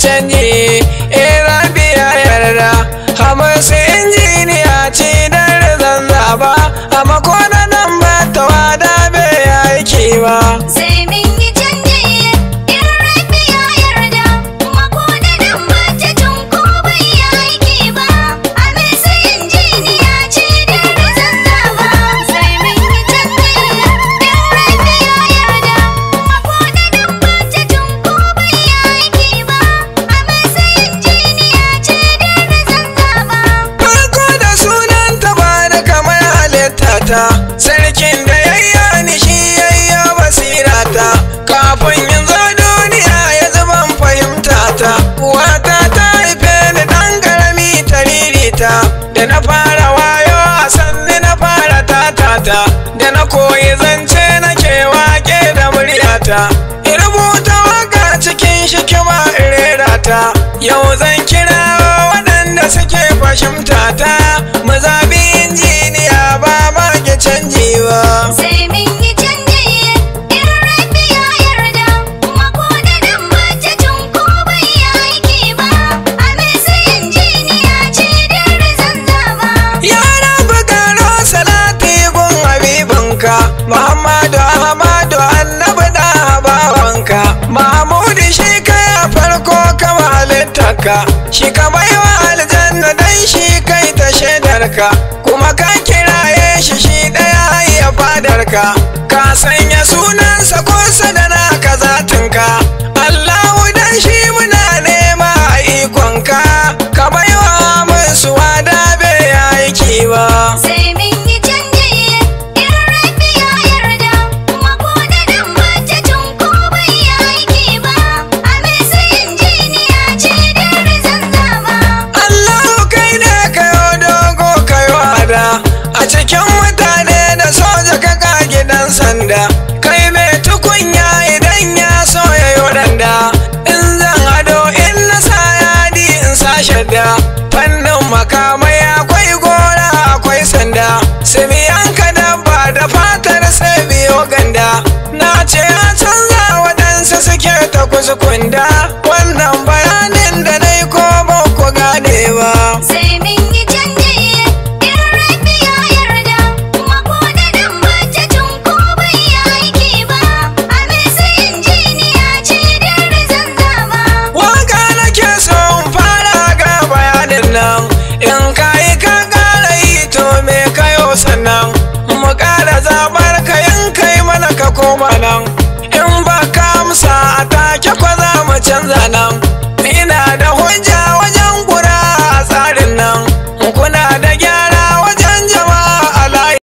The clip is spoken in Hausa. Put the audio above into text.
见你。ta sarkin da yayya ni shi yayya basira ta kafin yin duniya ya zuban fahimta ta uwata ta haife ni dan karami tariri ta da na fara wayo a sanni na fara tatata da na koyi zance na ke wake da muryata ta rubuta waka cikin shikima in rera ta yau zan ke bawanka Muhammadu Ahmadu annabi da bawanka Mahmudu shi kaya farko kama halittarka shi ka wa aljanna dan shi kai ta shaidarka kuma ka kiraye shi shi ɗaya ya fadarka ka sanya sunansa kusa da yarda fannin makamai akwai gora akwai sanda sami yanka dabba da fatar sai biyo ganda na ce ya canza waɗansu suke ta kunda in ka yi ka ƙara yi to me kayo sannan mu ƙara zaɓar ka in kai mana ka koma nan in ba ka amsa a take kwa za mu canza nan